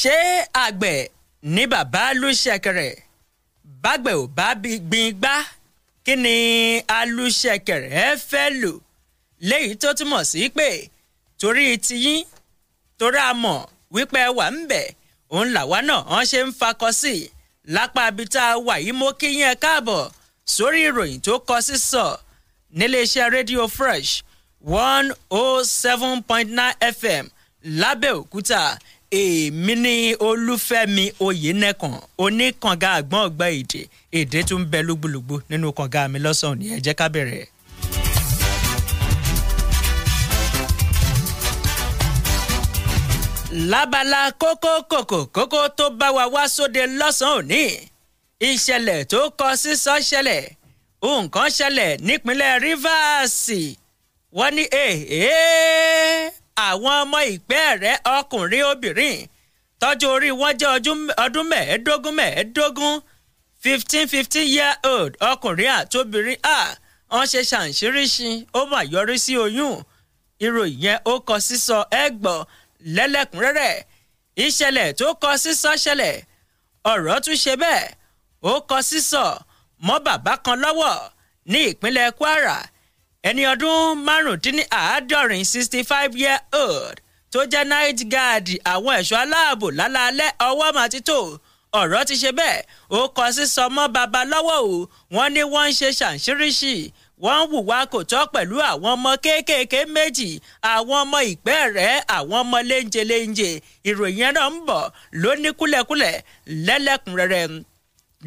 ṣé àgbẹ̀ ní bàbá Olúṣẹ̀kẹ̀rẹ̀ bàgbẹ̀ ò bá gbin gbá kí ni Olúṣẹ̀kẹ̀rẹ̀ fẹ́ lò léyìí tó túmọ̀ sí pé torí tiyín torí a mọ̀ wípé ẹ wà ń bẹ̀ òun làwa náà ṣe ń fakọ sí i lápá ibi wà yìí mo kí yín ẹ káàbọ̀ sórí ìròyìn tó kọ sísọ níléeṣẹ́ rédíò fresh one oh seven point nine fm lábẹ́òkúta èmi ní olúfẹ́mi oyinẹ̀kan oníkànga àgbọ̀n ọ̀gbà èdè èdè tún bẹ lúgbúlùgbú nínú kànga mi lọ́sàn-án ni ẹ jẹ́ ká bẹ̀rẹ̀. lábala kókó kòkò kókó tó bá wa wá sóde lọ́sàn òní ìṣẹ̀lẹ̀ tó kọ sísọ ṣẹlẹ̀ nǹkan ṣẹlẹ̀ nípínlẹ̀ Rivers wọ́n ní èèyàn àwọn ọmọ ìpẹ́ rẹ̀ ọkùnrin obìnrin tọ́jú orí wọn jẹ́ ọdún mẹ́ẹ̀ẹ́dógún mẹ́ẹ̀ẹ́dógún fifteen fifteen year old ọkùnrin àtobìnrin a wọ́n ṣe ṣàǹṣíríṣi ó mà yọrí sí oyún ìròyìn yẹn ó kọ sísọ ẹgbọ̀n lẹ́lẹ́kùnrẹ́rẹ́ ìṣẹ̀lẹ̀ tó kọ sísọ ṣẹlẹ̀ ọ̀rọ̀ tún ṣe bẹ́ẹ̀ ó kọ sísọ mọ́ bàbá kan lọ́wọ́ ní ìpínlẹ̀ Kwara ẹni ọdún márùndínláàádọ́rin sixty five year old tó jẹ́ night guard àwọn ẹ̀ṣọ́ aláàbò lálaalẹ́ ọwọ́ máa ti tó ọ̀rọ̀ ti ṣe bẹ́ẹ̀ ó kọ sísọ mọ́ baba lọ́wọ́ o wọ́n ní wọ́n ń ṣe ṣàǹṣíríṣì wọ́n ń hùwà kò tọ́ pẹ̀lú àwọn ọmọ kéékèèké méjì àwọn ọmọ ìpẹ́ẹ̀rẹ́ àwọn ọmọ léńjeléńje ìròyìn yẹn náà ń bọ̀ lóní kúlẹ̀kúlẹ̀ lẹ́lẹ́kùnrẹ́rẹ́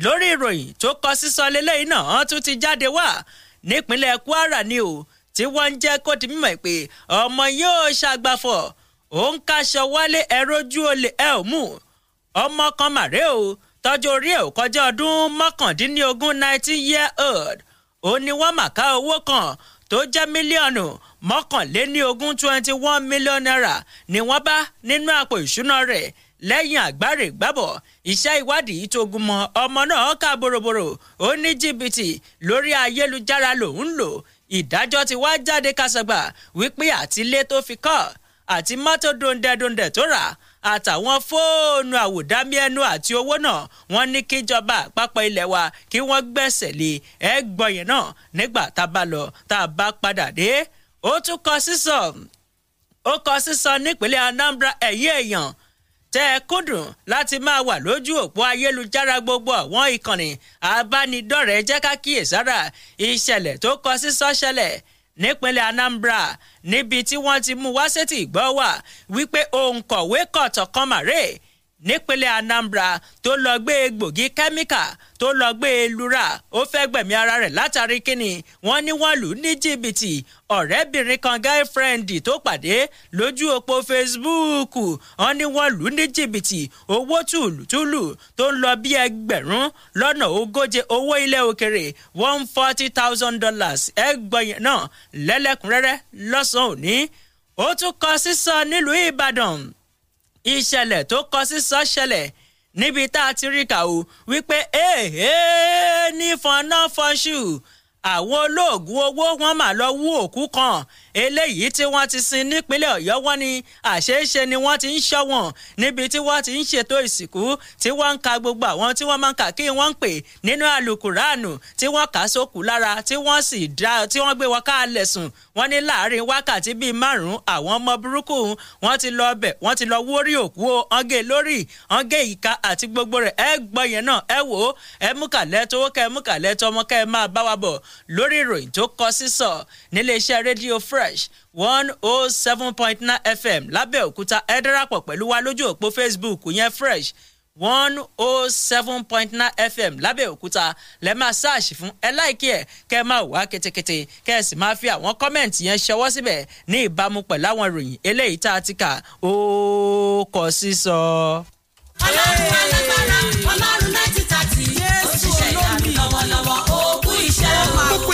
lórí ìròyìn tó kọ sísọ lélẹ́yìn ti jáde wá nípínlẹ̀ Kwara ni o tí wọ́n ń jẹ́ kó di mímọ̀ pé ọmọ yóò ṣàgbàfọ̀ òun kaṣọ wálé ẹrójú olè ẹ ò mú ọmọ kan màrè o tọ́jú orí ẹ̀ ò kọjá ọdún mọ́kàndínlógún nineteen year old òun ni wọ́n mà ká owó kan tó jẹ́ mílíọ̀nù mọ́kànléní twenty one million naira ni wọ́n bá nínú àpò ìṣúná rẹ̀ lẹ́yìn àgbárègbábọ̀ iṣẹ́ ìwádìí tó gúnmọ ọmọ náà ká boroboro ó ní jìbìtì lórí ayélujára lòún ń lò ìdájọ́ ti wá jáde kásàgbà wípé àtilé tó fi kọ́ àti mọ́tò dòǹdẹ̀dòǹdẹ̀ tó rà àtàwọn fóònù àwòdámí ẹnu àti owó náà wọ́n ní kíjọba àpapọ̀ ilẹ̀ wa kí wọ́n gbẹ̀sẹ̀ lé e. ẹgbọ́n yẹn náà nígbà tá a bá lọ tá a bá padà dé ó tún kọ sísọ ó kọ sísọ nípínlẹ̀ Anambra ẹ̀yìn èèyàn tẹ́ ẹ kúndùn láti máa wà lójú òpó ayélujára gbogbo àwọn ìkànnì abánidọ́rẹ̀ẹ́ jẹ́ ká kíyèsára ìṣẹ̀lẹ̀ tó kọ sí sọ́ṣẹlẹ̀ nípínlẹ̀ Anambra níbi tí wọ́n ti mú wá sétí ìgbọ́ wà wípé òǹkọ̀wé kọ̀tọ̀kan màrè nípínlẹ̀ Anambra tó lọ gbé egbògi kẹ́míkà tó lọ gbé e lura ó fẹ́ gbẹ̀mí ara rẹ̀ látàrí kínni wọ́n ní wọ́n lù ú ní jìbìtì ọ̀rẹ́bìnrin kan girlfriend tó pàdé lójú òpó Facebook wọ́n ní wọ́n lù ú ní jìbìtì owó tùlùtùlù tó ń lọ bí ẹgbẹ̀rún lọ́nà ogóje owó ilẹ̀ òkèrè one forty thousand dollars ẹgbọ̀nyẹn náà lẹ́lẹ́kùnrẹ́rẹ́ lọ́sàn-án òní ó tún kọ sísọ nílùú Ìbàdàn ìṣẹ̀lẹ̀ tó kọ sí sọ ṣẹlẹ̀ níbi tá a ti rí kà ó wípé èèyàn ní fọnáfọṣù àwọn olóògùn owó wọn mà lọ wú òkú kan eléyìí tí wọ́n ti sin nípínlẹ̀ Ọ̀yọ́ wọ́n ní àṣeéṣe ni wọ́n ti ń ṣọ̀wọ́n níbi tí wọ́n ti ń ṣètò ìsìnkú tí wọ́n ń ka gbogbo àwọn tí wọ́n máa ń kà kí wọ́n ń pè nínú alukuraanu tí wọ́n kà sókù lára tí wọ́n sì dá tí wọ́n gbé wọn káàlẹ̀ sùn wọ́n ní láàrin wákàtí bíi márùn-ún àwọn ọmọ burúkú wọ́n ti lọ ọbẹ̀ wọ́n ti lọ wórí òkú o ọ̀ngẹ̀ e lórí ọ̀ngẹ̀ e ìka àti gbogbo rẹ̀ ẹ gbọ́ yẹn náà ẹ wò ó ẹ mú kàlẹ́ tówó kẹ mú kàlẹ́ tọmọ kẹ máa bá wa bọ̀ lórí ìròyìn tó kọ sísọ níléeṣẹ́ rédíò fresh one oh seven point nine fm lábẹ́òkúta ẹ darapọ̀ pẹ̀lú wa lójú òpó facebook yẹn fresh one oh seven point nine fm lábẹ́òkúta lẹ́ máa ṣáàṣì fún ẹ láìkí ẹ̀ kẹ́ ẹ máa wá ketekete kẹ́ ẹ sì máa fi àwọn kọ́mẹ̀ntì yẹn ṣọwọ́ síbẹ̀ ní ìbámu pẹ̀lú àwọn ìròyìn eléyìí tá a ti kà ó kọ sísọ. ọlọ́run alágbára ọlọ́run náà ti tà tí ó ṣiṣẹ́ lọ́wọ́lọ́wọ́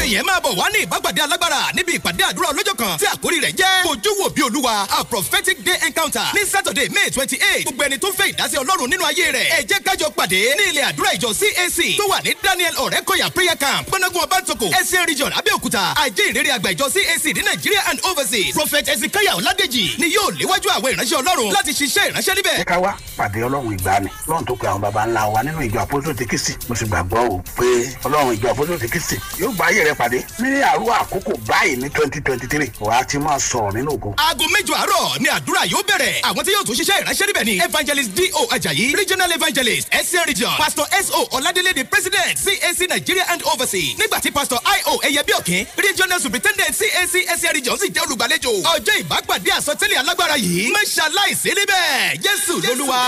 orin yẹn máa bọ̀ wá ní ìbágbàdé alágbára níbi ìpàdé àdúrà ọlọ́jọ́ kan tí àkórí rẹ̀ jẹ́ ojú wò bí olúwa a prophetic day encounter ní saturday may twenty eight gbogbo ẹni tó fẹ́ ìdásí ọlọ́run nínú ayé rẹ̀ ẹ jẹ́ kájọ pàdé ní ilé àdúrà ìjọ cac tó wà ní daniel ọ̀rẹ́kọ̀yà prayer camp gbọ́nàgún ọbàntòkò ẹ̀sìn region abẹ́òkúta àìjẹ́ ìrírí àgbà ìjọ cac ní nàìjíríà and overseas prophet ezekiah ọ̀ládèjì ni yóò léwájú àwọn ìránṣẹ́ ọlọ́run láti ṣiṣẹ́ ìránṣẹ́ níbẹ̀. ẹ ká wá pàdé ọlọ́run ìgbàanì lọ́run tó pe àwọn baba ńlá wa nínú ìjọ àpótò tẹkísì mo sì gbàgbọ́ o pé ọlọ́run ìjọ àpótò tẹkísì yóò bá ayé rẹ fẹ́ pàdé ní àárọ̀ àkókò báyìí ní twenty twenty three wàá ti máa sọ̀rọ̀ nínú ògo. aago mẹ́jọ àárọ̀ ni àdúrà yóò bẹ̀rẹ̀ àwọn tí yóò tún ṣiṣẹ́ ìránṣẹ́ níbẹ̀ ni evangelist D.O. Ajayi regional evangelist SCN region pastor S.O. Ọ̀ládélé the president CAC Nigeria and overseas nígbà pastor I.O. Ẹyẹbíọ̀kín regional superintendent CAC SCN region sì jẹ́ olùgbàlejò ọjọ́ ìbápàdé àsọtẹ́lẹ̀ alágbára yìí mẹ́ṣáláìsí níbẹ̀ Jésù lolúwa.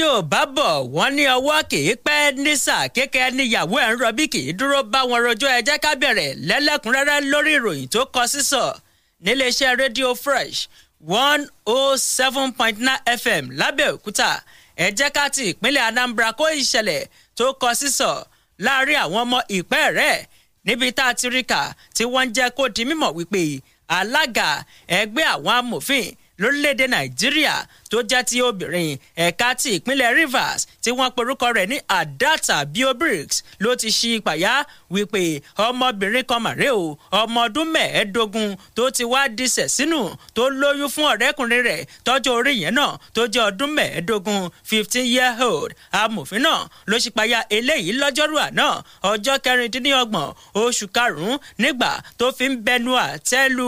Yorùbá bọ̀ wọ́n ní ọwọ́ kì í pẹ́ nísà kékeré níyàwó ẹ̀ ń rọbí kì í dúró bá wọn rojọ́ ẹ ká bẹ̀rẹ̀ lẹ́lẹ́kùnrẹ́rẹ́ lórí ìròyìn tó kọ sísọ níléeṣẹ́ rédíò Fresh one oh seven point nine FM lábẹ́òkúta ẹ jẹ́ ká ti ìpínlẹ̀ Anambra kó ìṣẹ̀lẹ̀ tó kọ sísọ láàrin àwọn ọmọ ìpẹ́ rẹ̀ níbi tá a ti rí kà tí wọ́n ń jẹ́ kó di mímọ̀ wípé alága ẹgbẹ́ àwọn amòfin lórílẹ̀ tó jẹ́ ti obìnrin ẹ̀ka ti ìpínlẹ̀ Rivers tí wọ́n porúkọ rẹ̀ ní Adata Biobrics ló ti ṣí ìpàyà wípé ọmọbìnrin kan màrè o ọmọ ọdún mẹ́ẹ̀ẹ́dógún tó ti wá disẹ̀ sínú tó lóyún fún ọ̀rẹ́kùnrin rẹ̀ tọ́jọ́ orí yẹn náà tó jẹ́ ọdún mẹ́ẹ̀ẹ́dógún fifteen year old amòfin náà ló ṣípayá eléyìí lọ́jọ́rú àná ọjọ́ kẹrìndínlọ́gbọ̀n oṣù karùn-ún nígbà tó fi ń bẹnu àtẹ́lu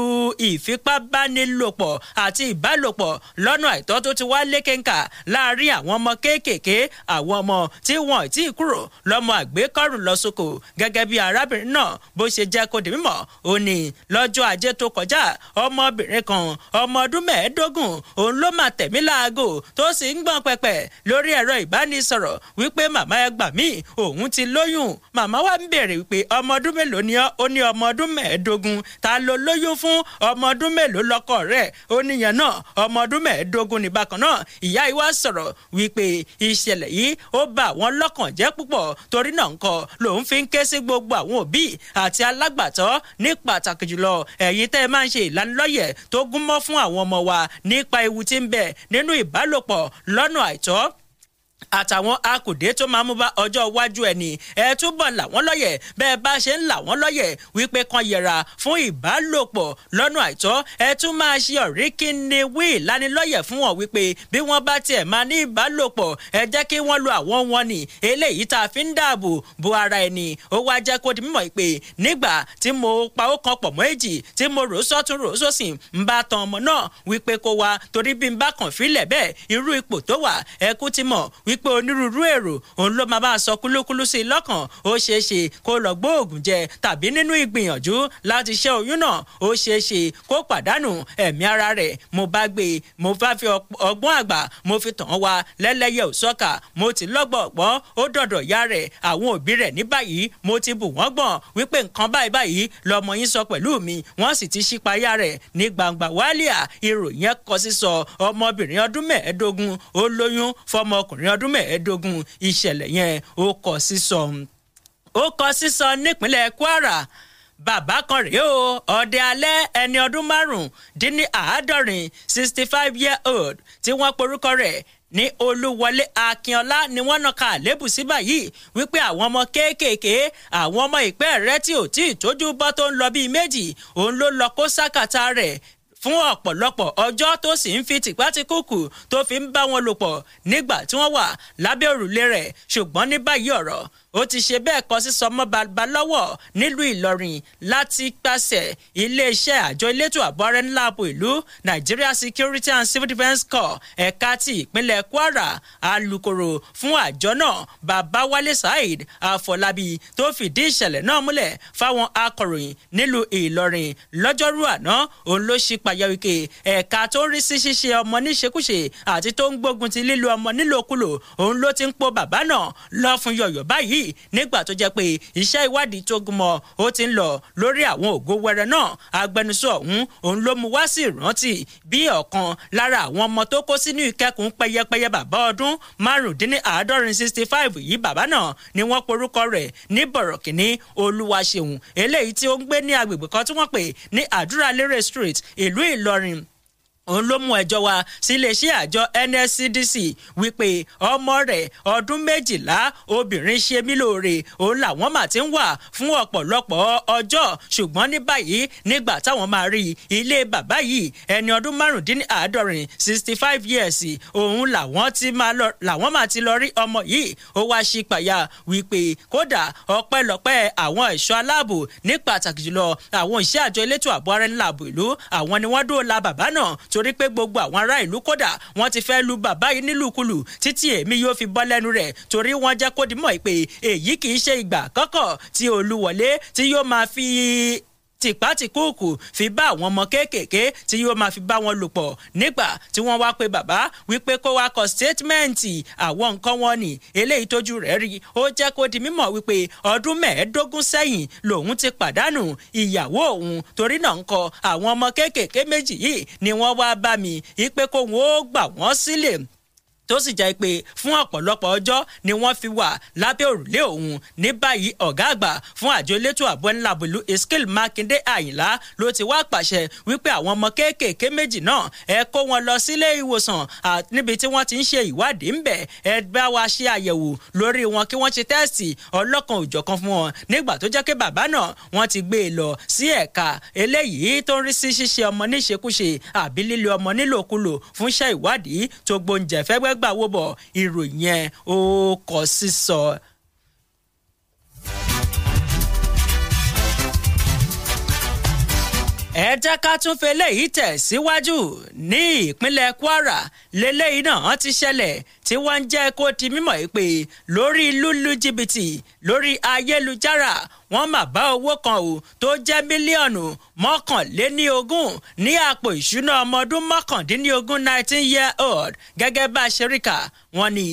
ìfipábánilòpọ̀ àti ìbálòpọ̀ lọ́nà àìtọ́ tó ti wá lékenkà láàrin àwọn ọmọ kéékèèké àwọn ọmọ tí wọn ti kúrò lọ́mọ àgbékọ́rùn lọ sóko gẹ́gẹ́ bí arábìnrin náà bó ṣe jẹ́ kó di mímọ̀ ó ní lọ́jọ́ ajé tó kọjá ọmọbìnrin kan ọmọ ọdún mẹ́ẹ̀ẹ́dógún òun ló máa tẹ̀mí láago tó sì ń gbọ̀n pẹ̀pẹ̀ lórí ẹ̀rọ ìbánisọ̀rọ̀ wípé màmá ẹ gbà mí òun ti lóyún màmá wa ń béèrè wípé ọmọ ọdún mélòó ni ó ní ọmọ ọdún mẹ́ẹ̀ẹ́dógún ta ló lóyún fún ọmọ ọdún mélòó lọ́kọ rẹ̀ ó níyàn náà ọmọ ọdún mẹ́ẹ̀ẹ́dógún ni b bákan náà ìyá ìwá sọ̀rọ̀ wípé ìṣẹ̀lẹ̀ yìí ó bà wọ́n lọ́kàn jẹ́ púpọ̀ torí náà ńkọ́ lòun fi ń ké sí gbogbo àwọn òbí àti alágbàtọ́ ní pàtàkì jùlọ ẹ̀yin tẹ́ ẹ máa ń ṣe ìlanilọ́yẹ̀ tó gúnmọ́ fún àwọn ọmọ wa nípa ewu tí ń bẹ nínú ìbálòpọ̀ lọ́nà àìtọ́ àtàwọn akòdé tó máa mú bá ọjọ́ iwájú ẹ̀ ni ẹ túbọ̀ là wọ́n lọ́yẹ̀ bẹ́ẹ̀ bá ṣe ń là wọ́n lọ́yẹ̀ wípé kan yẹra fún ìbálòpọ̀ lọ́nà àìtọ́ ẹ tún máa ṣe ọ̀rí kí ni wí ìlanilọ́yẹ̀ fún wọn wípé bí wọ́n bá tiẹ̀ máa ní ìbálòpọ̀ ẹ jẹ́ kí wọ́n lo àwọn wọn ni eléyìí tá a fi ń dáàbò bo ara ẹni ó wá jẹ́ kó di mímọ̀ pé nígbà tí mo pa ó kan pọ̀ mọ́ èjì tí mo rò sọ́tún rò sósìn ń bá tan wípé onírúurú èrò òun ló máa bá a sọ kúlúkúlú sí i lọ́kàn ó ṣeé ṣe kó lọ gbóògùn jẹ tàbí nínú ìgbìyànjú láti ṣẹ́ oyún náà ó ṣeé ṣe kó pàdánù ẹ̀mí ara rẹ̀ mo bá gbé e, mo bá fi ọgbọ́n àgbà mo fi tàn wá lẹ́lẹ́yẹ òsọ́kà mo ti lọ́gbọ̀n ọ̀pọ̀ ó dọ̀dọ̀ ya rẹ̀ àwọn òbí rẹ̀ ní báyìí mo ti bù wọ́n gbọ̀n wípé nǹkan báyìí báyìí lọmọ yín sọ pẹ̀lú mi wọ́n sì ti ṣípayá rẹ̀ ní gbangba wálíà ìròyìn ẹ̀kọ́ sísọ ọmọbìnrin ọdún mẹ́ẹ̀ẹ́dógún ó lóyún fọmọkùnrin ọd ọdún mẹ́ẹ̀ẹ́dógún ìṣẹ̀lẹ̀ yẹn ó kọ sísọ ó kọ sísọ nípínlẹ̀ Kwara bàbá kan rèé o ọdẹ alẹ́ ẹni ọdún márùndínní àádọ́rin sixty five year old tí wọ́n porúkọ rẹ̀ ní olúwọlé akínọlá ni wọ́n nàka àlébù sí báyìí wípé àwọn ọmọ kéékèèké àwọn ọmọ ìpẹ́ẹ̀rẹ̀ tí ò tí ì tójú bọ́ tó ń lọ bíi méjì òun ló lọ kó sákàtà rẹ̀ fún ọ̀pọ̀lọpọ̀ ọjọ́ tó sì ń fi tìpátìkùkù tó fi ń bá wọn lò pọ̀ nígbà tí wọ́n wà lábẹ́ òrùlé rẹ̀ ṣùgbọ́n ní báyìí ọ̀rọ̀ ó ti ṣe bẹ́ẹ̀ kọ sísọ mọ́ bàbá lọ́wọ́ nílùú Ìlọrin láti pàṣẹ iléeṣẹ́ àjọ elétò ààbò ara ìlú Nigeria Security and Civil Defence Corps ẹ̀ka ti ìpínlẹ̀ Kwara alukoro fún àjọ náà Babawale Saheed Afọlábí tó fìdí ìṣẹ̀lẹ̀ náà múlẹ̀ fáwọn akọ̀ròyìn nílùú Ìlọrin lọ́jọ́rú àná òun ló ṣí payawike ẹ̀ka tó ń rí sí ṣíṣe ọmọ níṣekúṣe àti tó ń gbógun ti lílo ọmọ nílòkulò òun ló ti ń po bàbá náà lọ fún yọ̀yọ̀ báyìí yìí nígbà tó jẹ́ pé iṣẹ́ ìwádìí tó gúnmọ́ ó ti ń lọ lórí àwọn ògo wẹrẹ náà agbẹnusọ ọ̀hún òun ló mú wá sí ìrántí bí ọ̀kan lára àwọn ọmọ tó kó sínú ìkẹ́kùn pẹyẹpẹyẹ bàbá ọdún márùndínláàádọ́rin sixty five yìí bàbá náà ni wọ́n porúkọ rẹ̀ ní bọ̀rọ̀kìnní olúwaṣeun eléyìí tí ó ń gbé ní agbègbè kan tí wọ́n pè ní àdúrà lérè street ìlú ìlọrin òun ló mú ẹjọ́ wá sí iléeṣẹ́ àjọ NSCDC wípé ọmọ rẹ̀ ọdún méjìlá obìnrin ṣe mí lóore òun làwọn mà ti ń wà fún ọ̀pọ̀lọpọ̀ ọjọ́ ṣùgbọ́n ní báyìí nígbà táwọn máa rí ilé bàbá yìí ẹni ọdún márùndínláàádọ́rin sixty five years òun làwọn ti máa lọ làwọn máa ti lọ rí ọmọ yìí ó wá ṣí pàyà wípé kódà ọpẹ́lọpẹ́ àwọn ẹ̀ṣọ́ aláàbò ní pàtàkì jùlọ àwọn òṣìṣẹ́ àjọ elétò ààbò torí pé gbogbo àwọn ará ìlú kódà wọ́n ti fẹ́ lu bàbá yìí nílùkulù títí èmi yóò fi bọ́ lẹ́nu rẹ̀ torí wọ́n jẹ́ kó dimọ̀ pé èyí kì í ṣe ìgbà kọ́kọ́ tí Olúwọlé tí yóò máa fi tìpátìkúùkù fi bá àwọn ọmọ kéékèèké tí yóò máa fi bá wọn lò pọ̀ nígbà tí wọ́n wá pé bàbá wípé kó wá kọ sítétímẹ́ǹtì àwọn nǹkan wọn ni eléyìí tójú rẹ̀ rí ó jẹ́ kó di mímọ̀ wípé ọdún mẹ́ẹ̀ẹ́dógún sẹ́yìn lòun ti pàdánù ìyàwó òun torí náà ń kọ àwọn ọmọ kéékèèké méjì yìí ni wọ́n wá bá mi wípé kóun ó gbà wọ́n sílẹ̀ tó sì jẹ́ pé fún ọ̀pọ̀lọpọ̀ ọjọ́ ni wọ́n fi wà lábẹ́ òrùlé òun ní báyìí ọ̀gá àgbà fún àjọ elétò ààbò ńlá bùlú Eskil Mákindé Àyìnlá ló ti wá pàṣẹ wípé àwọn ọmọ kéékèèké méjì náà ẹ kó wọn lọ sílé ìwòsàn níbi tí wọ́n ti ń ṣe ìwádìí ńbẹ ẹ bá wa ṣe àyẹ̀wò lórí wọn kí wọ́n ṣe tẹ́sì ọlọ́kan òjọ̀kan fún wọn nígbà tó jẹ́ pé bàbá e lọ sí ẹ̀ka eléyìí tó ń rí sí ṣíṣe ọmọ níṣekúṣe àbí líle ọmọ nílòkulò gbà wó bọ̀ ìròyìn ẹ̀ ó kọ sísọ. ẹ jẹ́ ká tún fi eléyìí tẹ̀ síwájú ní ìpínlẹ̀ kwara lélẹ́yìí náà ti ṣẹlẹ̀ tí wọ́n ń jẹ́ kó di mímọ̀ pé lórí lúlú jìbìtì lórí ayélujára wọ́n mà bá owó kan o tó jẹ́ mílíọ̀nù mọ́kànléníogún ní àpò ìṣúná ọmọ ọdún mọ́kàndínlógún nineteen year old gẹ́gẹ́ bá a ṣe rí kà wọ́n ní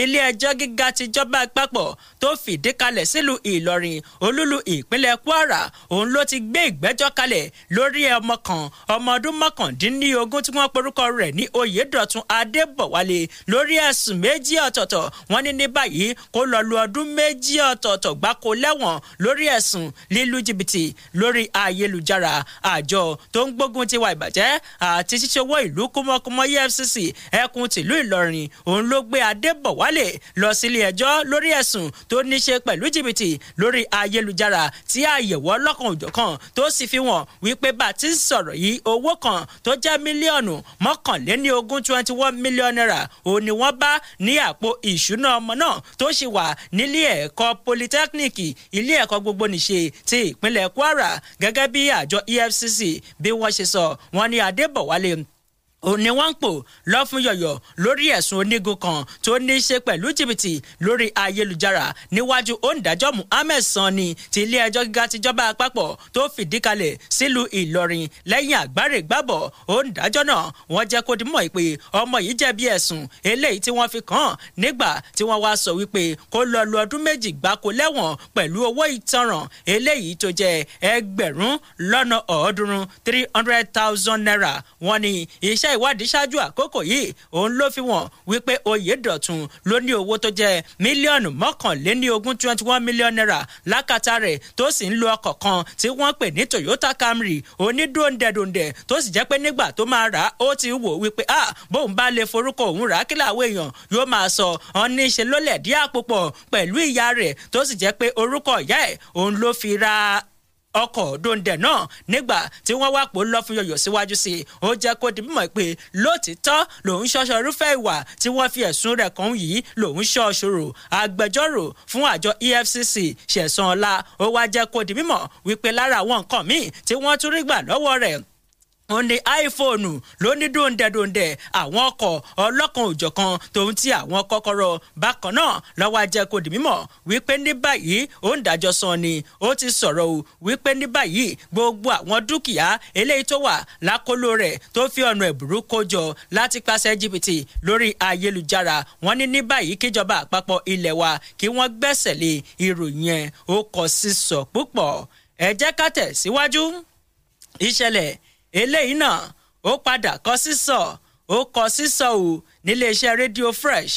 ilé ẹjọ́ gíga tìjọba àpapọ̀ tó fìdí kalẹ̀ sílùú Ìlọrin olúlu ìpínlẹ̀ Kwara òun ló ti gbé ìgbẹ́jọ́ kalẹ̀ lórí ọmọ kan ọmọ ọdún mọ́kàndínlógún tí wọ́n porúkọ rẹ̀ ní Oyèdọ̀tun Adébọ̀wálé lórí ẹ̀sùn méjì ọ̀tọ̀ọ̀tọ̀ wọ́n ní ní báyìí kó lọ lu ọdún méjì ọ̀tọ̀ọ̀tọ̀ gbáko lẹ́wọ̀n lórí lórí ẹ̀sùn lílù jìbìtì lórí ayélujára àjọ tó ń gbógun ti ìwà ìbàjẹ́ àti ṣíṣe owó ìlú kúmọ́kúmọ́ EFCC ẹkùn tìlú Ìlọrin òun ló gbé Adébọ̀wálé lọ sílé ẹjọ́ lórí ẹ̀sùn tó ní ṣe pẹ̀lú jìbìtì lórí ayélujára tí àyẹ̀wò ọlọ́kan òjọ̀kan tó sì fi wọ́n wípé bá a ti ń sọ̀rọ̀ yìí owó kan tó jẹ́ mílíọ̀nù mọ́kànléní ogún twenty one million naira òun ni wọ́n bá ní àpò ìṣúná ọmọ náà tó sì wà nílé ẹ̀kọ́ polytechnic ilé ẹ̀kọ́ gbogbo gbogbo nìṣe ti ìpínlẹ̀ Kwara gẹ́gẹ́ bí àjọ EFCC bí wọ́n ṣe sọ wọ́n ní Adébọ̀wálé òní wọ́n ń pò lọ́fún yọ̀yọ̀ lórí ẹ̀sùn onígun kan tó ní í ṣe pẹ̀lú jìbìtì lórí ayélujára níwájú òǹdájọ́ Muhammed Sanni ti ilé-ẹjọ́ gíga tìjọba àpapọ̀ tó fìdí kalẹ̀ sílùú Ìlọrin lẹ́yìn àgbárègbábọ̀ òǹdájọ́ náà wọ́n jẹ́ kó dimọ̀ pé ọmọ yìí jẹ̀bi ẹ̀sùn eléyìí tí wọ́n fi kàn án nígbà tí wọ́n wá sọ wípé kó lọ lu ọdún méjì gbáko lẹ́wọ̀n pẹ̀lú owó ìtanràn eléyìí tó jẹ́ ẹgbẹ̀rún lọ́nà ọ̀ọ́dúnrún three hundred thousand naira wọ́n ní iṣẹ́ iṣẹ́ ìwádìí ṣáájú àkókò yìí òun ló fi wọ́n wípé Oyèdọ̀tun ló ní owó tó jẹ́ mílíọ̀nù mọ́kànléníogún twenty one million naira lákàtà rẹ̀ tó sì ń lo ọkọ̀ kan tí wọ́n pè ní Toyota Camry onídòǹdẹ̀dòǹdẹ̀ tó sì jẹ́ pé nígbà tó máa rà á ó ti wò wípé ah bóun bá lè forúkọ òun rà á kí làwọn èèyàn yóò máa sọ ọ́n ní ṣe lólẹ̀ díàpò pọ̀ pẹ̀lú ìyá rẹ̀ tó sì jẹ́ pé orúkọ ìyá ẹ̀ òun ló fi ra ọkọ̀ dòǹdẹ̀ náà nígbà tí wọ́n wá pò lọ́fun yọ̀yọ̀ síwájú sí i ó jẹ́ kó di mímọ̀ pé lóòtítọ́ lòun ṣọṣọ irúfẹ́ ìwà tí wọ́n fi ẹ̀sùn rẹ̀ kàn yìí lòun ṣọṣọrò agbẹjọ́rò fún àjọ EFCC ṣẹ̀san ọlá ó wá jẹ́ kó di mímọ̀ wípé lára àwọn nǹkan míì tí wọ́n tún rí gbà lọ́wọ́ rẹ̀ ó ní iphone ló ní dòǹdẹ̀dòǹdẹ̀ àwọn ọkọ̀ ọlọ́kan òjọ̀kan tòun ti àwọn kọ́kọ́rọ́ bákan náà lọ́wọ́ ajẹ́ kò dì mímọ̀ wípé ní báyìí ó ń dájọ́ san ni ó ti sọ̀rọ̀ o wípé ní báyìí gbogbo àwọn dúkìá eléyìí tó wà lákòlò rẹ̀ tó fi ọ̀nà ẹ̀bùrú kó láti pàṣẹ jìbìtì lórí ayélujára wọ́n ní ní báyìí kíjọba àpapọ̀ ilẹ̀ wa kí wọ́n gbẹ́sẹ̀ lé ìròyìn ẹ̀ ó kọ sísọ púpọ̀ ẹ ká tẹ̀ síwájú ìṣẹ̀lẹ̀ eléyìí náà ó padà kọ sísọ ó kọ sísọ ò níléeṣẹ́ rédíò fresh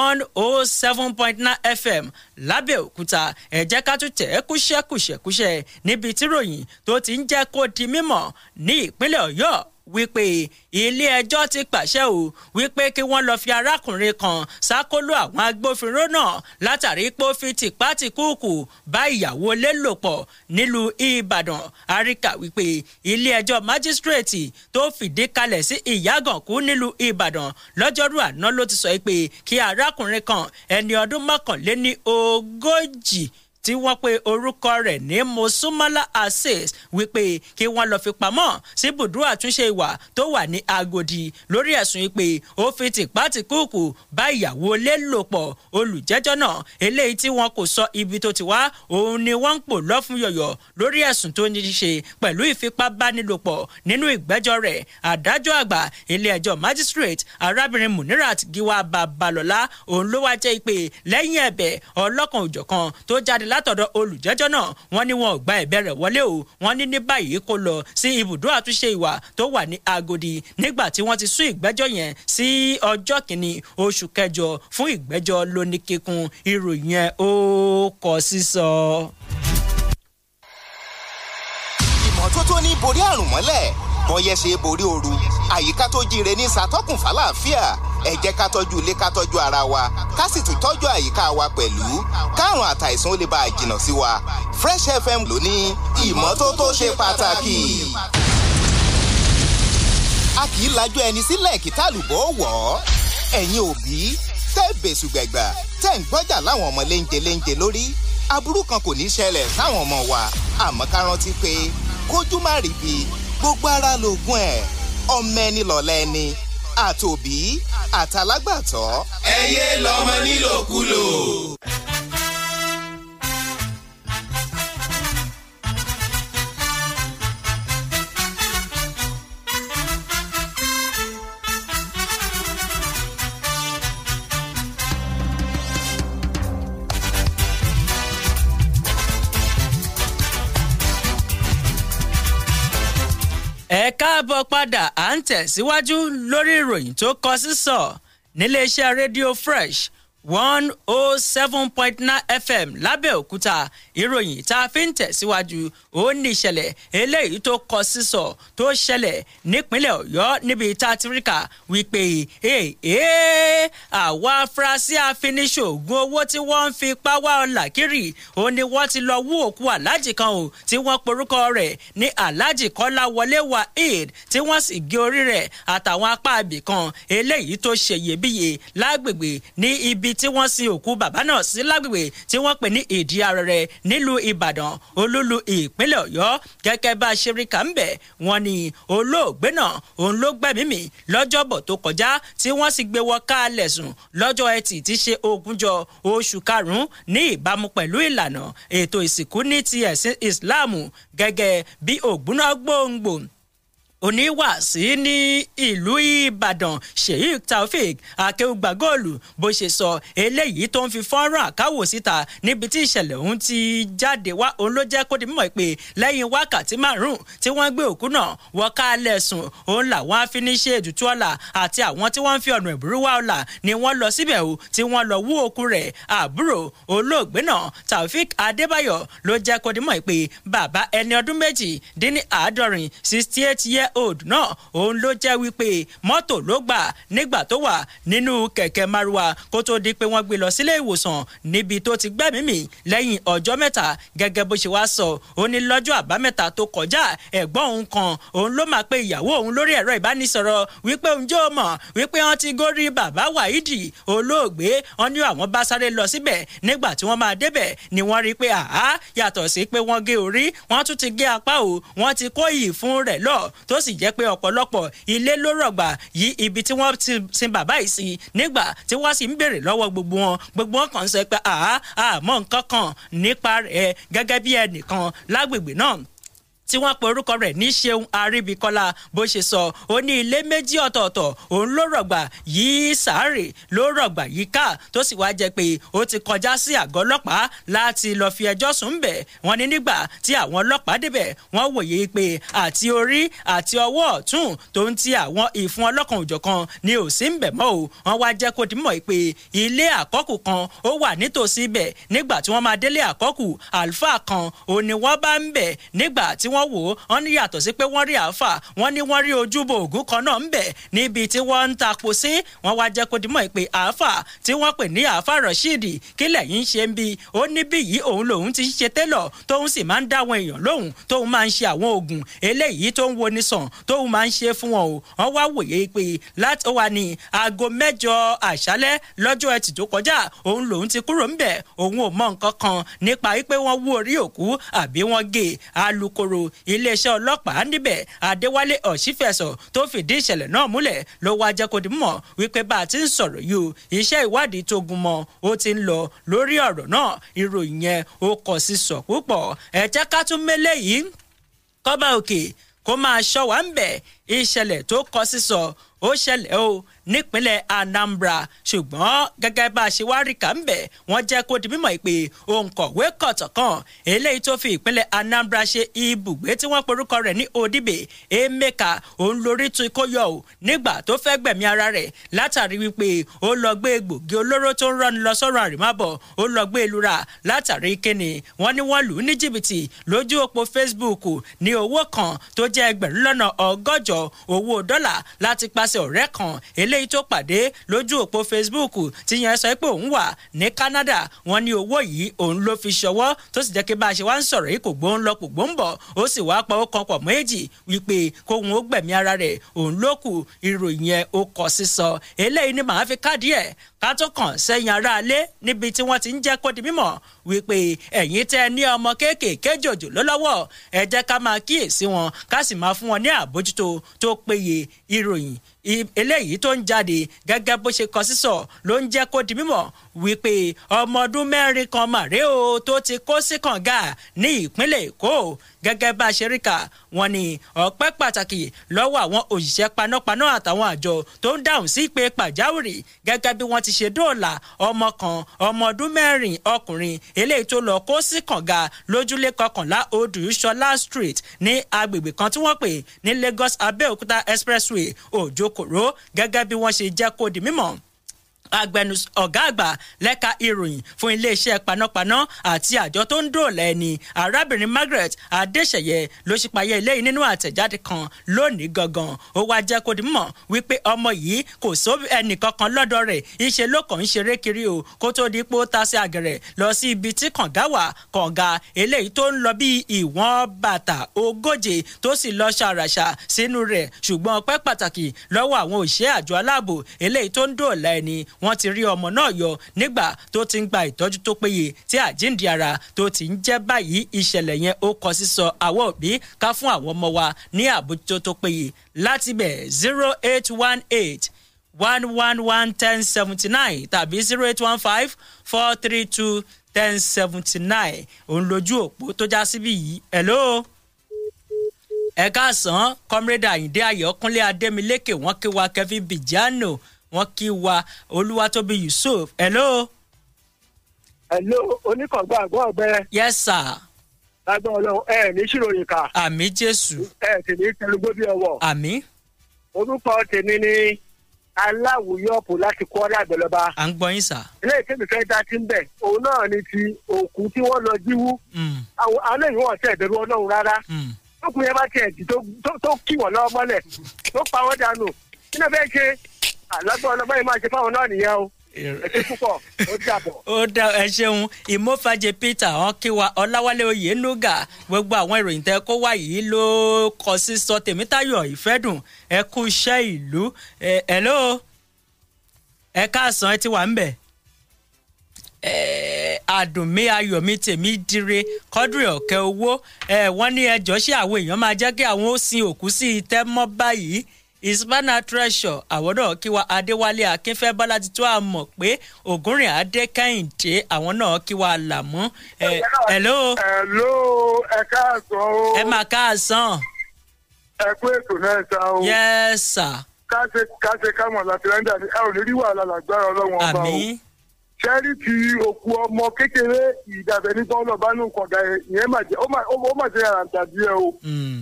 one oh seven point nine fm lábẹ́òkúta ẹ jẹ́ ká tún tẹ̀ kúṣẹ́kúṣẹ́kúṣẹ́ níbi tíròyìn tó ti ń jẹ́ kó di mímọ̀ ní ìpínlẹ̀ ọ̀yọ́ wípé ilé-ẹjọ́ ti pàṣẹ o wípé kí wọ́n lọ fi arákùnrin kan sákóló àwọn agbófinró náà látàrí pé ó fi tìpátìkúùkù bá ìyàwó ilé lò pọ̀ nílùú Ìbàdàn àríkà wípé ilé-ẹjọ́ májísírèètì tó fìdí kalẹ̀ sí Ìyágànkú nílùú Ìbàdàn lọ́jọ́rú àná ló ti sọ pé kí arákùnrin kan ẹni ọdún mọ́kànléní ogójì tí wọ́n pe orúkọ rẹ̀ ní Mosumala Assis wípé kí wọ́n lọ fi pamọ́ sí bùdó àtúnṣe ìwà tó wà ní Agodi lórí ẹ̀sùn ìpè ó fi tìpátìkúùkù bá ìyàwó ilé lò pọ̀ olùjẹ́jọ́ náà eléyìí tí wọn kò sọ ibi tó ti wá òun ni wọ́n ń pò lọ́fun yọ̀yọ̀ lórí ẹ̀sùn tó ní í ṣe pẹ̀lú ìfipábánilòpọ̀ nínú ìgbẹ́jọ́ rẹ̀ adájọ́ àgbà ilé ẹjọ́ magistrate arábìnrin Munirat Giwa Babalọ́lá òun ló wá jẹ́ ìpè lẹ́yìn ẹ̀bẹ̀ ọlọ́kan òjọ̀kan tó jáde lá látọ̀dọ̀ olùjẹ́jọ́ náà wọ́n ní wọn ò gba ẹ̀bẹ̀ rẹ̀ wọlé o wọ́n ní ní báyìí kó lọ sí ibùdó àtúnṣe ìwà tó wà ní Agodi nígbà tí wọ́n ti sún ìgbẹ́jọ́ yẹn sí ọjọ́ kìíní oṣù kẹjọ fún ìgbẹ́jọ́ lóníkíkún ìròyìn ẹ̀ ó kọ sísọ ìmọ́tótó ní borí àrùn mọ́lẹ̀ bọ́yẹ ṣe borí ooru àyíká tó jíire ní ṣàtọ́kùn fàlàáfíà ẹ jẹ́ ká tọ́jú ilé ká tọ́jú ara wa ká sì tún tọ́jú àyíká wa pẹ̀lú káàrùn àtàìsàn ó lè bá a jìnnà sí wa Fresh FM ló ní ìmọ́tótó ṣe pàtàkì a kì í lajú ẹni sílẹ̀ kí tálùbọ̀ wọ̀ ọ́ ẹ̀yin òbí tẹ́ bẹ̀sùgbẹ̀gbà tẹ́ ń gbọ́jà láwọn ọmọ léńjeléńje lórí aburú kan kò ní ṣẹlẹ̀ sáwọn ọmọ wa àmọ́ ká rántí pé kójú má ríbi gbogbo ara lògùn ẹ̀ ọmọ ẹni lọ̀lẹ́ ni àtòbí àtàlágbàtọ́. ẹ yé lọmọ nílòkulò. káàbọ̀ padà à ń tẹ̀síwájú lórí ìròyìn tó kọ sísọ níléeṣẹ́ rédíò fresh one oh seven point nine fm lábẹ́òkúta ìròyìn tá a fi ń tẹ̀síwájú ó ní ìṣẹ̀lẹ̀ eléyìí tó kọ sísọ tó ṣẹlẹ̀ nípínlẹ̀ ọ̀yọ́ níbi tá a ti rí kà wípé ee àwọn afurasí afiniṣògùn owó tí wọ́n ń fi ipá ọ̀là kiri ó ní wọ́n ti lọ wú òkú aláàjì kan o tí wọ́n porúkọ rẹ̀ ní aláàjì kọ́lá wọlé wa aid tí wọ́n sì gé orí rẹ̀ àtàwọn apá ibì kan eléyìí tó ṣèyebíye lágbègbè ní ibi tí wọ́n sin òkú bàbá náà sí lágbègbè tí wọ́n pè ní ìdí arẹrẹ nílùú ìbàdàn olúlu ìpínlẹ̀ ọ̀yọ́ gẹ́gẹ́ bá a ṣe rí kà ń bẹ̀ wọ́n ní olóògbé náà òun ló gbẹ̀mí mi lọ́jọ́bọ̀ tó kọjá tí wọ́n sì gbé wọ káàlẹ̀ sùn lọ́jọ́ ẹtì tí ṣe ogúnjọ́ oṣù karùn-ún ní ìbámu pẹ̀lú ìlànà ètò ìsìnkú ní ti ẹ̀sìn ìsìláàmù gẹ́gẹ́ bí ògbóná gbòǹgbòǹ oníwàásí ní ìlú ìbàdàn sheik taofik akéwùgbà góòlù bó ṣe sọ eléyìí tó ń fi fọ́nrán àkáwò síta níbi tí ìṣẹ̀lẹ̀ ọ̀hún ti jáde wá òun ló jẹ́ kó di mímọ̀ pé lẹ́yìn wákàtí márùn-ún tí wọ́n gbé òkú náà wọ́n ká lẹ̀sùn òun làwọn afiníṣe ètùtù ọ̀la àti àwọn tí wọ́n ń fi ọ̀nà ìbúrú wá ọ̀la ni wọ́n lọ síbẹ̀ o tí wọ́n lọ wú òkú rẹ̀ àbúrò olóògbé náà taofik adébáyọ̀ ló jẹ́ kó di mímọ̀ pé bàbá ẹni ọdún méjì dín ní àádọ́rin sixty eight years old náà òun ló jẹ́ wípé mọ́tò ló gbà nígbà tó wà nínú kẹ̀kẹ́ maruwa kó tó di pé wọ́n gbé lọ sílé ìwòsàn níbi tó ti gbẹ́mìí mì lẹ́yìn ọjọ́ mẹ́ta gẹ́gẹ́ bó ṣe wá sọ ó ní lọ́jọ́ àbámẹ́ta tó kọjá ẹ̀gbọ́n òun kan òun ló máa pe ìyàwó òun lórí ẹ̀rọ ìbánisọ̀rọ̀ wípé òun jẹ́ òmọ̀ wípé wọ́n ti górí bàbá wàhídì olóògbé wọ́n ní àwọn bá sáré lọ síbẹ̀ nígbà tí wọ́n máa débẹ̀ ni wọ́n rí pé àá yàtọ̀ sí pé wọ́n gé orí wọ́n tún ti gé apá o wọ́n ti kó ìfun rẹ̀ lọ tó tó sì jẹ́ pé ọ̀pọ̀lọpọ̀ ilé ló rọ̀gbà yí ibi tí wọ́n ti sin bàbá yìí sí nígbà tí wọ́n sì ń béèrè lọ́wọ́ gbogbo wọn gbogbo wọn kàn ń sọ pé àá àmọ́ nǹkan kan nípa rẹ̀ gẹ́gẹ́ bí ẹnìkan lágbègbè náà tí wọ́n pe orúkọ rẹ̀ ní ṣeun aríbíkọ́lá bó ṣe sọ ó ní ilé méjì ọ̀tọ̀ọ̀tọ̀ òun ló rọ̀gbà yìí sáré ló rọ̀gbà yìí ká tó sì wá jẹ́ pé ó ti kọjá sí àgọ́ ọlọ́pàá láti lọ́ọ́ fi ẹjọ́ sùn bẹ̀ wọ́n ní nígbà tí àwọn ọlọ́pàá débẹ̀ wọ́n wòye pé àti orí àti ọwọ́ ọ̀tún tó ń ti àwọn ìfun ọlọ́kan òjọ̀kan ni ò sí ń bẹ̀ mọ́ o wọ́n wá jẹ́ kó di wọ́n wò ó wọ́n ní yàtọ̀ sí pé wọ́n rí àáfà wọ́n ní wọ́n rí ojúbọ ògún kan náà ń bẹ̀ níbi tí wọ́n ń tapo sí wọ́n wá jẹ́ kó dimọ̀ pé àáfà tí wọ́n pè ní àáfà Rashidi kí lẹ́yìn ṣe ń bi ó ní bí yìí òun lòun ti ṣe télọ̀ tóun sì máa ń dá àwọn èèyàn lóhùn tóun máa ń ṣe àwọn oògùn eléyìí tó ń wo ni sàn tóun máa ń ṣe fún wọn o wọ́n wá wòye pé láti ó wà ní aago mẹ́jọ àṣálẹ́ lọ́jọ́ ẹtì tó kọjá òun lòun ti kúrò ńbẹ̀ òun ò mọ nǹkan kan nípa wípé wọ́n wú orí òkú àbí wọ́n gé e. alukoro iléeṣẹ́ ọlọ́pàá níbẹ̀ adéwálé ọ̀ṣífẹ̀sọ tó fìdí ìṣẹ̀lẹ̀ náà múlẹ̀ ló wá jẹ́ di mọ̀ wípé bá a ti ń sọ̀rọ̀ yìí iṣẹ́ ìwádìí tó gún mọ́ ó ti ń lọ lórí ọ̀rọ̀ náà ìròyìn yẹn ó kọ̀ sí sọ púpọ̀ ẹ jẹ́ ká tún mélèé yìí kọ́ba òkè kó máa ṣọ́ wa ń bẹ̀ ìṣẹ̀lẹ̀ tó kọ sísọ ó o nípínlẹ̀ Anambra ṣùgbọ́n gẹ́gẹ́ bá a ṣe wá rí kà ń bẹ̀ wọ́n jẹ́ kó di mímọ̀ pé òǹkọ̀wé kọ̀tọ̀ eléyìí tó fi ìpínlẹ̀ Anambra ṣe ibùgbé tí wọ́n porúkọ rẹ̀ ní Odibe Emeka òun lórí tún kó yọ ò nígbà tó fẹ́ gbẹ̀mí ara rẹ̀ látàrí wípé ó lọ gbé egbògi olóró tó ń rọ́ni lọ sọ́run àrìmábọ̀ ó lọ gbé e lura látàrí kíni wọ́n ní wọ́n lù ú ní jìbìtì lójú òpó Facebook ní owó kan tó jẹ́ ẹgbẹ̀rún lọ́nà ọgọ́jọ owó dọ́là láti pàṣẹ ọ̀rẹ́ kan elé eléyìí tó pàdé lójú òpó Facebook tíyẹn sọ pé òun wà ní Canada wọ́n ní owó yìí òun ló fi ṣọwọ́ tó sì jẹ́ kí bá a ṣe wá ń sọ̀rọ̀ yìí kò gbóhùn lọ kò gbóhùn bọ̀ ó sì wá pa ó kan pọ̀ méjì wípé kóhun ó gbẹ̀mí ara rẹ̀ òun ló kù ìròyìn ẹ̀ ó kọ sísọ eléyìí ni màá fi káàdì ẹ̀ ká tó kàn sẹ́yìn aráalé níbi tí wọ́n ti ń jẹ́ kó di wípé ẹ̀yin tẹ́ ní ọmọ kéékèèké jòjò lọ́lọ́wọ́ ẹ jẹ́ ká máa kíyèsí wọn ká sì máa fún wọn ní àbójútó tó péye ìròyìn eléyìí tó ń jáde gẹ́gẹ́ bó ṣe kọ sísọ ló ń jẹ́ kó di mímọ̀ wípé ọmọ ọdún mẹ́rin kan màrè o tó ti kó sí kànga ní ìpínlẹ̀ Èkó gẹ́gẹ́ bá a ṣe rí kà wọ́n ní ọpẹ́ pàtàkì lọ́wọ́ àwọn òṣìṣẹ́ panápaná àtàwọn àjọ tó ń dáhùn sí ìpè pàjáwìrì gẹ́gẹ́ bí wọ́n ti ṣe dóòlà ọmọ kan ọmọ ọdún mẹ́rin ọkùnrin eléyìí tó lọ kó sí kànga lójúlé kọkànlá odùsọlá street ní agbègbè kan tí wọ́n pè ní Lagos Abẹ́òkúta expressway òjòkòrò gẹ́gẹ́ bí wọ́n ṣe jẹ́ kó di mímọ̀ agbẹnusọ ọ̀gá àgbà lẹ́ka ìròyìn fún iléeṣẹ́ panápaná àti àjọ tó ń dòòlà ẹni arábìnrin Margaret Adéṣeyẹ ló ṣípayá eléyìí nínú àtẹ̀jáde kan lónìí gangan ó wá jẹ́ kó di mọ̀ wípé ọmọ yìí kò só ẹnìkankan lọ́dọ̀ rẹ̀ ìṣe ló kàn ń ṣeré kiri o kó tó di pé ó ta sí àgẹ̀rẹ̀ lọ sí ibi tí kànga wà kànga eléyìí tó ń lọ bí ìwọ̀n bàtà ogóje tó sì lọ ṣàràṣà sínú rẹ̀ ṣùgbọ́n ọpẹ́ pàtàkì lọ́wọ́ àwọn òṣìṣẹ́ àjọ aláàbò eléyìí tó ń wọ́n ti rí ọmọ náà yọ nígbà tó ti ń gba ìtọ́jú tó péye tí àjíǹde ara tó ti ń jẹ́ báyìí ìṣẹ̀lẹ̀ yẹn ó kọ sísọ àwọn òbí ká fún àwọn ọmọ wa ní àbójútó tó péye láti bẹ̀ zero eight one eight one one one ten seventy nine tàbí zero eight one five four three two ten seventy nine òun lójú òpó tó já síbí yìí hello ẹ káàsán comrade ayinde ayọkúnlé adémilékè wọn kí wa kẹfí bìjánò wọ́n kí wa olúwatóbi yusuf hello. hello oníkàngbà àgọ́ ọ̀gbẹ́. yes sir. lágbọ́n ọlọ́run ẹ ní ṣìròyìn kà. àmì jésù. ẹ sì ní tẹnugbó bí ọwọ́. àmì. orúkọ tèmi ni aláwùyọ̀pù láti kọ́ọ́dà àgbẹ̀lọba. à ń gbọ́ yín sà. ilé ìkéde fẹ́ dá sí bẹ̀ òun náà ni ti òkú tí wọ́n lọ jíwú. Mm. àwọn aléyìn wọn ṣe ìbẹ̀rù ọlọ́run rárá. Mm. tókùn yẹn bá tiẹ̀ tó kí wọ́n lọ́wọ́ mọ́lẹ̀ tó pa wọ́n dànù kí ló fẹ́ ṣe lọ́gbọ́n ọlọ́gbọ́n yìí máa ṣe fáwọn náà nìyẹn o ẹ̀ṣẹ̀ púpọ̀ ó dàbọ̀. ó dà ẹ ṣeun ìmọ̀fàjẹ peter ọ̀kíwa ọ̀làwálé oyèlúgà gbogbo àwọn ìròyìn tẹ kó wá yìí ló kọ sí sọ tèmítayọ̀ ìfẹ́dùn ẹ kú iṣẹ́ ìlú ẹ ló ẹ káàsán ẹ ti wà ń bẹ̀ àdùnmí ayọ̀mí tèmi dire kọ́dùrì ọ̀kẹ́ owó wọ́n ní ẹjọ́ ṣé àwọn èèyàn máa jẹ́ kí àwọn ó sin òkú sí itẹ́ mọ́ báyìí isbana treasure àwọdọ kíwa adéwálé akínfẹ́ báláti tó a mọ̀ pé ògúnrìn adékẹ́yìndé àwọn náà kíwa làmú. hello. hello ẹ káàsán o. ẹ máa káàsán. ẹ kú ètò náà ṣá o. yes sir. káṣe káṣe kámọ̀ láti rẹ́ńdà ni ẹ ò ní rí wàhálà lágbára ọlọ́run ọba o. àmín. sẹ́rí ti òkú ọmọ kékeré ìdàbẹ̀ ní bọ́ọ̀lù ọba nù kọ̀ọ̀dà yẹn ó mà jẹ́ àràǹdà díẹ̀ o. Hmm.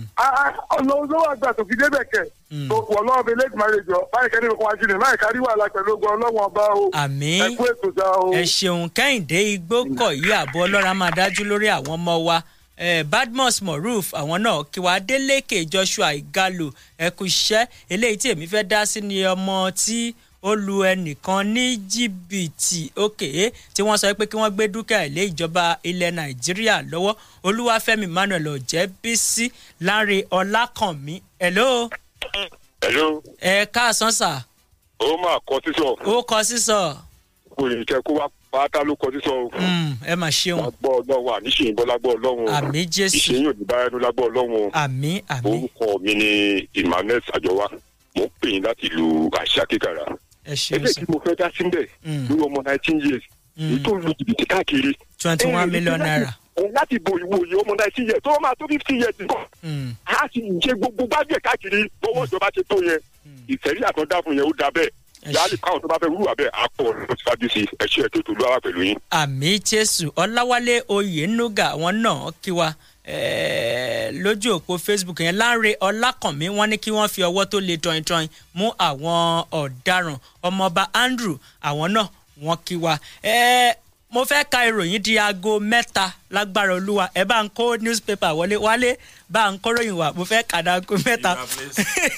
ọlọ́run ló wà tó fi débẹ̀ kẹ̀ tó kù bíi late marriage ọ báyìí kẹ́ni kò wá jí ni láì kárí wàhálà pẹ̀lú ogun ọlọ́run ọba o àmín ẹ ṣeun kẹ́hìndé igbó kọ̀ yí àbọ̀ ọlọ́run máa dájú lórí àwọn ọmọ wa Badmus Moruf àwọn náà kíwá Délékè Joshua Igalo ẹkùṣẹ eléyìí tí èmi fẹ́ dá sí ni ọmọ tí ó lu ẹnìkan ní jìbìtì òkè tí wọ́n sọ pé kí wọ́n gbé dúkìá ilé ìjọba ilẹ̀ Nàìjíríà lọ́wọ́ Olúwafẹ́mi Emmanuel Ọ̀jẹ́bísí Lánrè Ọlákànmí hello hello. ẹ káàsán sà. ó mà kọ sísọ. ó kọ sísọ. kò ní kẹ kó wá pátá ló kọ sísọ o. Hmm, ẹ mà ṣeun. lágbọ́ ọlọ́run àní ṣèyìn bọ́ lágbọ́ ọlọ́run o. àmì jésù. ìṣèyìn òní bá ẹnu lágbọ́ ọlọ́run o. àmì àmì. orúkọ mi ni emmanuel sajowa mo ń pè yín láti ìlú àṣà kíkàrà. ẹ ṣeun sọ. ẹgbẹ́ tí mo fẹ́ dá síbẹ̀ hmm. lórí ọmọ nineteen years hmm. èyí tó ń lu jìbìtì káàkiri. twenty one million naira òun láti bo ìwò yìí ọmọ náà sí yẹ tó máa tó fifty years bọ̀ hmm. a sì ń ṣe gbogbo gbájú ẹ̀ káàkiri lọ́wọ́ hmm. ìjọba ṣe tó yẹn hmm. ìfẹ̀rí àtọ́dá fún yẹn ó da bẹ́ẹ̀ yàrá káwọn tó bá fẹ́ wúwà bẹ́ẹ̀ akọ ló ti fàájú sí ẹ̀ṣẹ́ ẹ̀ tó tó lọ́wọ́ pẹ̀lú yín. àmì jésù ọláwálé oyènúgà wọn náà kí wa lójú òpó facebook yẹn láre ọlákànmí wọn ní kí wọn fi ọwọ́ tó le tọyìntọyìn mú àwọn ọ̀daràn ọmọọba andrew àwọn náà wọn kí wa mo fẹ́ ka ìròyìn di aago mẹ́ta lágbára olúwa ẹ bá ń kó newspaper wọlé wálé bá ń kóròyìn wá mo fẹ́ kà dá aago mẹ́ta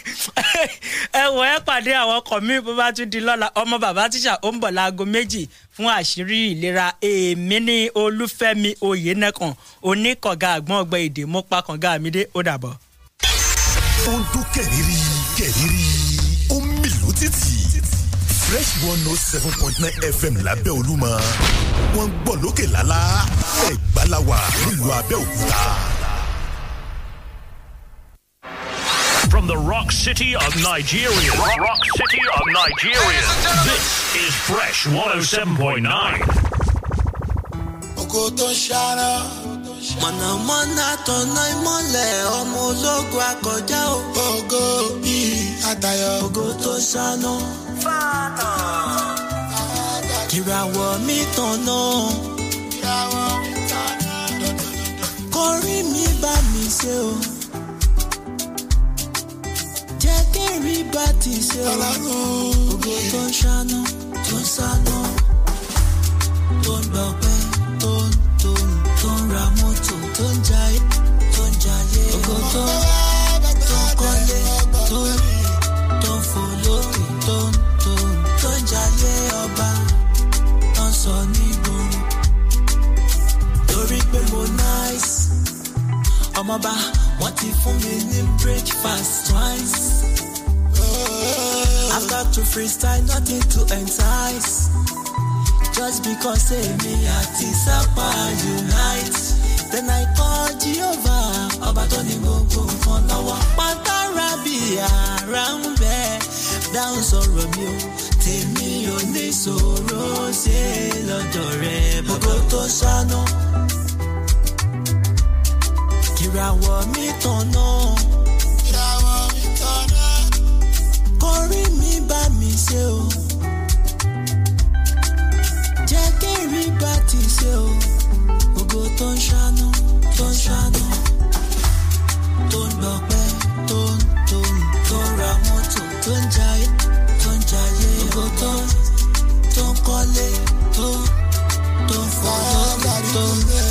ẹ wọ ẹ pàdé àwọn ọkọ mi bó bá tún di lọ́la ọmọ bàbá tíṣà ó ń bọ̀ láago méjì fún àṣírí ìlera èmi ní olúfẹ́mi oyènẹ́kan oníkànga àgbọ̀n ọgbẹ́ èdè mo pa kànga mi dé ó dàbọ̀. ó ń kẹ̀rìírí kẹ̀rìírí ó ń mìlú títì fresh one oh seven point nine fm lábẹ́ olúmọ wọ́n gbọ́ lókè lálá la nílùú abẹ́òkúta. From the rock city of Nigeria. Rock, city of Nigeria. This is Fresh 107.9. tó ìmọ̀lẹ̀ ọmọ akọjá Ogo tayọ ògo tó ṣáná. fàtà. ìràwọ̀ mi tọ̀nà. ìràwọ̀ mi tọ̀nà. kọrí mi bá mi ṣe o. jẹ́ kí n rí bá ti ṣe o. ògo tó ṣáná tó ṣáná tó ń gbà ọpẹ́ tó ń tó ń tó ń ra mọ́tò tó ń jayé tó ń jayé ọkọ̀ tó ń kọ́lé tó ń. ọmọba wọ́n ti fún mi ní breakfast twice. Oh. I've got to freestyle, nothing to entice. Just because say me àti Sapa unite. Then I call Jehovah, ọba tó ní gbogbo nǹkan lọ́wọ́. Pátárà bí ara ń bẹ̀, dáhùn sọ̀rọ̀ mi o. Tèmi ò ní sọ̀rọ̀ ṣe lọ́dọ̀ rẹ̀. Gbogbo tó sọnù ṣàràwọ̀ mi tọ̀nà. ṣàràwọ̀ mi tọ̀nà. kọrí mi bá mi ṣe o. jẹ́ kí n rí bá ti ṣe o. ògo tó ń ṣàánú tó ń ṣàánú tó ń gbọ̀pẹ́ tó ń tó ń tó ń ra mọ́tò tó ń jayé tó ń jayé ògo tó ń tó ń kọ́lé tó tó ń fọdọ́ tó ń.